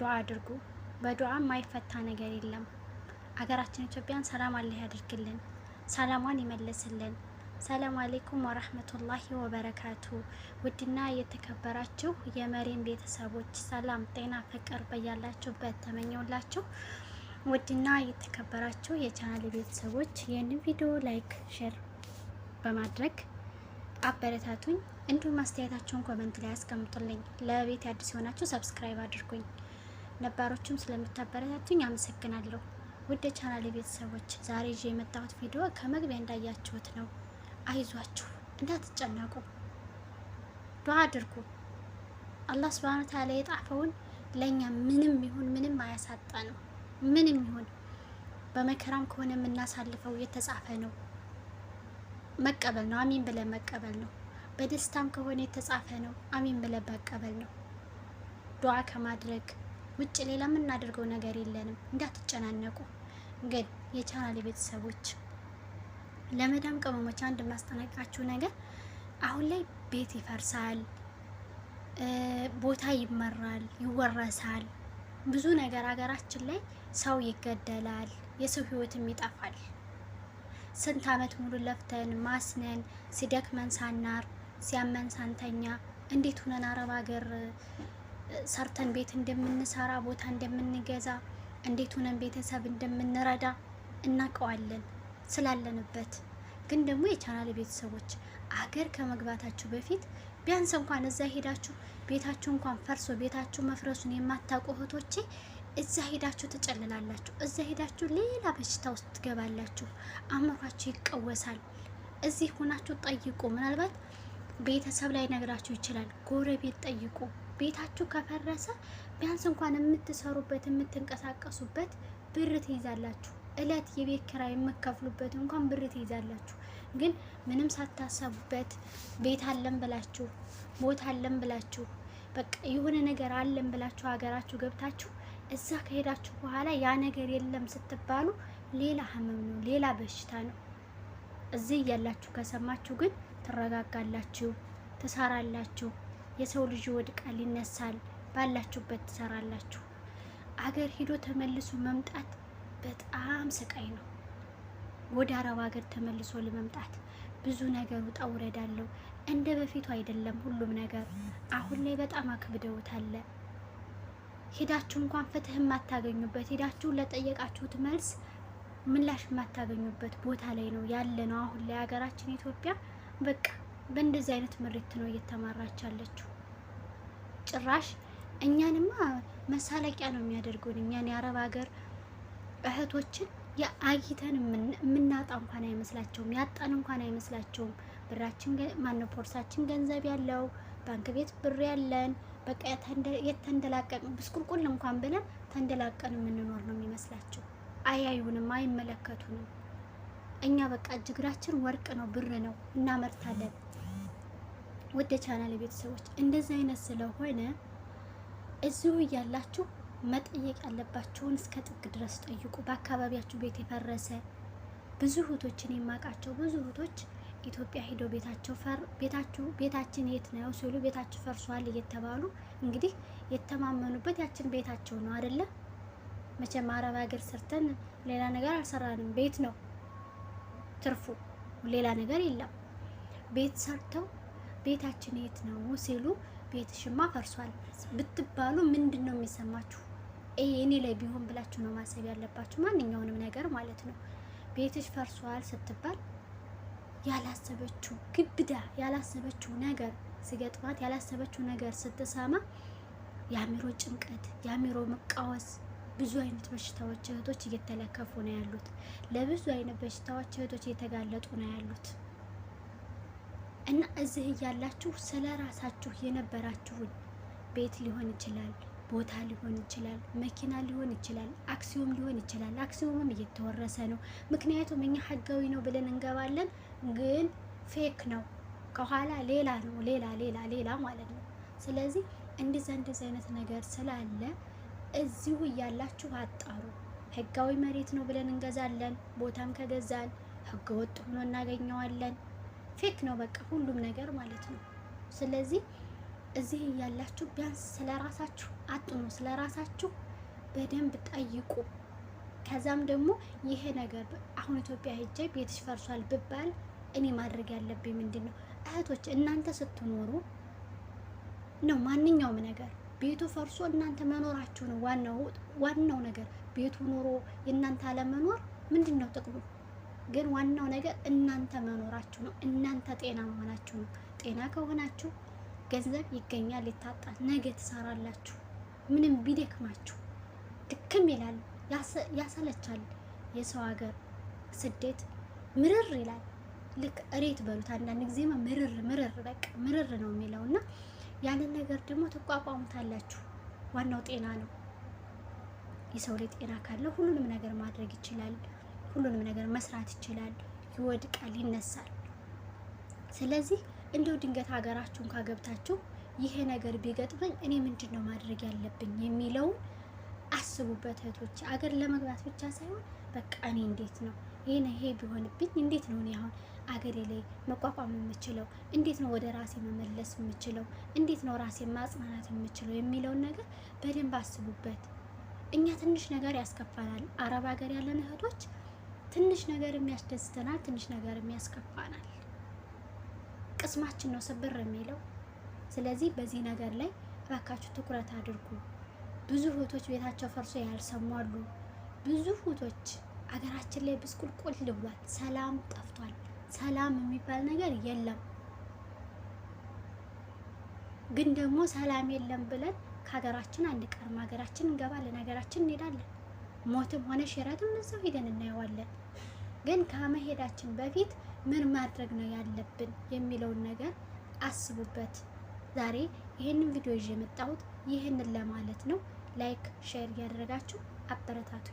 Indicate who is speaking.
Speaker 1: ዱዓ አድርጉ። በዱዓ የማይፈታ ነገር የለም። አገራችን ኢትዮጵያን ሰላም አላህ ያድርግልን፣ ሰላሟን ይመልስልን። ሰላም አሌይኩም ወረህመቱላሂ ወበረካቱ። ውድና የተከበራችሁ የመሪን ቤተሰቦች ሰላም፣ ጤና፣ ፍቅር በያላችሁበት ተመኘውላችሁ። ውድና የተከበራችሁ የቻናል ቤተሰቦች ይህንን ቪዲዮ ላይክ፣ ሼር በማድረግ አበረታቱኝ። እንዲሁም አስተያየታችሁን ኮመንት ላይ አስቀምጡልኝ። ለቤት አዲስ የሆናችሁ ሰብስክራይብ አድርጉኝ። ነባሮችም ስለምታበረታቱኝ አመሰግናለሁ። ውድ ቻናል ቤተሰቦች ዛሬ ይዤ የመጣሁት ቪዲዮ ከመግቢያ እንዳያችሁት ነው። አይዟችሁ፣ እንዳትጨነቁ፣ ዱዓ አድርጉ። አላህ ስብሐነ ወተዓላ የጣፈውን ለእኛ ምንም ይሁን ምንም አያሳጣ ነው። ምንም ይሁን በመከራም ከሆነ የምናሳልፈው የተጻፈ ነው። መቀበል ነው። አሚን ብለን መቀበል ነው። በደስታም ከሆነ የተጻፈ ነው። አሚን ብለን መቀበል ነው። ዱዓ ከማድረግ ውጭ ሌላ የምናደርገው ነገር የለንም። እንዳትጨናነቁ። ግን የቻናል ቤተሰቦች ለመዳም ቅመሞች አንድ የማስጠነቅቃችሁ ነገር አሁን ላይ ቤት ይፈርሳል፣ ቦታ ይመራል፣ ይወረሳል፣ ብዙ ነገር ሀገራችን ላይ ሰው ይገደላል፣ የሰው ህይወትም ይጠፋል። ስንት አመት ሙሉ ለፍተን ማስነን ሲደክመን ሳናር ሲያመን ሳንተኛ እንዴት ሁነን አረብ ሀገር ሰርተን ቤት እንደምንሰራ ቦታ እንደምንገዛ እንዴት ሆነን ቤተሰብ እንደምንረዳ እናውቀዋለን ስላለንበት። ግን ደግሞ የቻናል ቤተሰቦች አገር ከመግባታችሁ በፊት ቢያንስ እንኳን እዛ ሄዳችሁ ቤታችሁ እንኳን ፈርሶ ቤታችሁ መፍረሱን የማታውቁ እህቶቼ እዛ ሄዳችሁ ትጨልላላችሁ። እዛ ሄዳችሁ ሌላ በሽታ ውስጥ ትገባላችሁ። አእምሯችሁ ይቀወሳል። እዚህ ሆናችሁ ጠይቁ። ምናልባት ቤተሰብ ላይ ነግራችሁ ይችላል። ጎረቤት ጠይቁ። ቤታችሁ ከፈረሰ ቢያንስ እንኳን የምትሰሩበት የምትንቀሳቀሱበት ብር ትይዛላችሁ። እለት የቤት ኪራይ የምከፍሉበት እንኳን ብር ትይዛላችሁ። ግን ምንም ሳታሰቡበት ቤት አለን ብላችሁ ቦታ አለን ብላችሁ በቃ የሆነ ነገር አለን ብላችሁ ሀገራችሁ ገብታችሁ እዛ ከሄዳችሁ በኋላ ያ ነገር የለም ስትባሉ ሌላ ህመም ነው፣ ሌላ በሽታ ነው። እዚህ እያላችሁ ከሰማችሁ ግን ትረጋጋላችሁ፣ ትሰራላችሁ። የሰው ልጅ ይወድቃል፣ ይነሳል። ባላችሁበት ትሰራላችሁ። አገር ሂዶ ተመልሶ መምጣት በጣም ስቃይ ነው። ወደ አረብ ሀገር ተመልሶ ለመምጣት ብዙ ነገር ውጣ ውረድ አለው። እንደ በፊቱ አይደለም ሁሉም ነገር። አሁን ላይ በጣም አክብደውት አለ። ሄዳችሁ እንኳን ፍትህ የማታገኙበት ሄዳችሁ ለጠየቃችሁት መልስ ምላሽ የማታገኙበት ቦታ ላይ ነው ያለ ነው አሁን ላይ ሀገራችን ኢትዮጵያ በቃ በእንደዚህ አይነት ምሬት ነው እየተማራች ያለችው። ጭራሽ እኛንማ መሳለቂያ ነው የሚያደርጉን። እኛን የአረብ ሀገር እህቶችን የአይተን የምናጣ እንኳን አይመስላቸውም፣ ያጣን እንኳን አይመስላቸውም። ብራችን ማነው ፖርሳችን ገንዘብ ያለው ባንክ ቤት ብር ያለን በቃ የተንደላቀቅን ብስቁልቁል እንኳን ብለን ተንደላቀን የምንኖር ነው የሚመስላቸው። አያዩንም፣ አይመለከቱንም። እኛ በቃ እጅግራችን ወርቅ ነው፣ ብር ነው፣ እናመርታለን። ወደ ቻናል ቤተሰቦች እንደዚህ አይነት ስለሆነ እዚሁ እያላችሁ መጠየቅ ያለባችሁን እስከ ጥግ ድረስ ጠይቁ። በአካባቢያችሁ ቤት የፈረሰ ብዙ እህቶችን የማውቃቸው ብዙ እህቶች ኢትዮጵያ ሂዶ ቤታቸው ፈር ቤታችሁ ቤታችን የት ነው ሲሉ ቤታችሁ ፈርሷል እየተባሉ እንግዲህ የተማመኑበት ያችን ቤታቸው ነው አይደለ? መቼም አረብ ሀገር ሰርተን ሌላ ነገር አልሰራንም። ቤት ነው ትርፉ፣ ሌላ ነገር የለም። ቤት ሰርተው ቤታችን የት ነው ሲሉ ቤትሽማ ፈርሷል ብትባሉ ምንድን ነው የሚሰማችሁ? እኔ ላይ ቢሆን ብላችሁ ነው ማሰብ ያለባችሁ። ማንኛውንም ነገር ማለት ነው። ቤትሽ ፈርሷል ስትባል ያላሰበችው ግብዳ ያላሰበችው ነገር ስገጥማት ያላሰበችው ነገር ስትሰማ የአእምሮ ጭንቀት፣ የአእምሮ መቃወስ ብዙ አይነት በሽታዎች እህቶች እየተለከፉ ነው ያሉት። ለብዙ አይነት በሽታዎች እህቶች እየተጋለጡ ነው ያሉት። እና እዚህ እያላችሁ ስለ ራሳችሁ የነበራችሁን ቤት ሊሆን ይችላል፣ ቦታ ሊሆን ይችላል፣ መኪና ሊሆን ይችላል፣ አክሲዮም ሊሆን ይችላል። አክሲዮምም እየተወረሰ ነው። ምክንያቱም እኛ ህጋዊ ነው ብለን እንገባለን፣ ግን ፌክ ነው፣ ከኋላ ሌላ ነው፣ ሌላ ሌላ ሌላ ማለት ነው። ስለዚህ እንደዛ እንደዚህ አይነት ነገር ስላለ እዚሁ እያላችሁ አጣሩ። ህጋዊ መሬት ነው ብለን እንገዛለን፣ ቦታም ከገዛን ህገወጥ ሆኖ እናገኘዋለን። ፌክ ነው በቃ ሁሉም ነገር ማለት ነው። ስለዚህ እዚህ እያላችሁ ቢያንስ ስለ ራሳችሁ አጥኑ፣ ስለ ራሳችሁ በደንብ ጠይቁ። ከዛም ደግሞ ይሄ ነገር አሁን ኢትዮጵያ ሄጄ ቤትሽ ፈርሷል ብባል እኔ ማድረግ ያለብኝ ምንድን ነው? እህቶች እናንተ ስትኖሩ ነው ማንኛውም ነገር ቤቱ ፈርሶ እናንተ መኖራችሁ ነው ዋናው ነገር። ቤቱ ኑሮ የእናንተ አለመኖር ምንድን ነው ጥቅሙ? ግን ዋናው ነገር እናንተ መኖራችሁ ነው። እናንተ ጤና መሆናችሁ ነው። ጤና ከሆናችሁ ገንዘብ ይገኛል፣ ይታጣል። ነገ ትሰራላችሁ። ምንም ቢደክማችሁ ድክም ይላል፣ ያሰለቻል። የሰው ሀገር ስደት ምርር ይላል። ልክ እሬት በሉት አንዳንድ ጊዜ ምርር ምርር በቃ ምርር ነው የሚለው እና ያንን ነገር ደግሞ ትቋቋሙታላችሁ። ዋናው ጤና ነው። የሰው ላይ ጤና ካለ ሁሉንም ነገር ማድረግ ይችላል። ሁሉንም ነገር መስራት ይችላል። ይወድቃል፣ ይነሳል። ስለዚህ እንደው ድንገት ሀገራችሁን ካገብታችሁ ይሄ ነገር ቢገጥመኝ እኔ ምንድን ነው ማድረግ ያለብኝ የሚለውን አስቡበት እህቶች። አገር ለመግባት ብቻ ሳይሆን በቃ እኔ እንዴት ነው ይህን ይሄ ቢሆንብኝ እንዴት ነው እኔ አሁን አገሬ ላይ መቋቋም የምችለው? እንዴት ነው ወደ ራሴ መመለስ የምችለው? እንዴት ነው ራሴ ማጽናናት የምችለው የሚለውን ነገር በደንብ አስቡበት። እኛ ትንሽ ነገር ያስከፋናል። አረብ ሀገር ያለን እህቶች ትንሽ ነገር የሚያስደስተናል፣ ትንሽ ነገር የሚያስከፋናል። ቅስማችን ነው ስብር የሚለው። ስለዚህ በዚህ ነገር ላይ እባካችሁ ትኩረት አድርጉ። ብዙ እህቶች ቤታቸው ፈርሶ ያልሰሟሉ። ብዙ እህቶች አገራችን ላይ ብስቁልቁል ብሏል። ሰላም ጠፍቷል። ሰላም የሚባል ነገር የለም። ግን ደግሞ ሰላም የለም ብለን ከሀገራችን አንድ ቀርም ሀገራችን እንገባለን፣ ሀገራችን እንሄዳለን። ሞትም ሆነ ሽረትም እዛው ሄደን እናየዋለን። ግን ከመሄዳችን በፊት ምን ማድረግ ነው ያለብን የሚለውን ነገር አስቡበት። ዛሬ ይህንን ቪዲዮ ይዤ የመጣሁት ይህንን ለማለት ነው። ላይክ ሼር እያደረጋችሁ አበረታቱ።